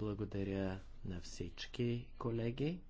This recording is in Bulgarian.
Благодаря на всички колеги.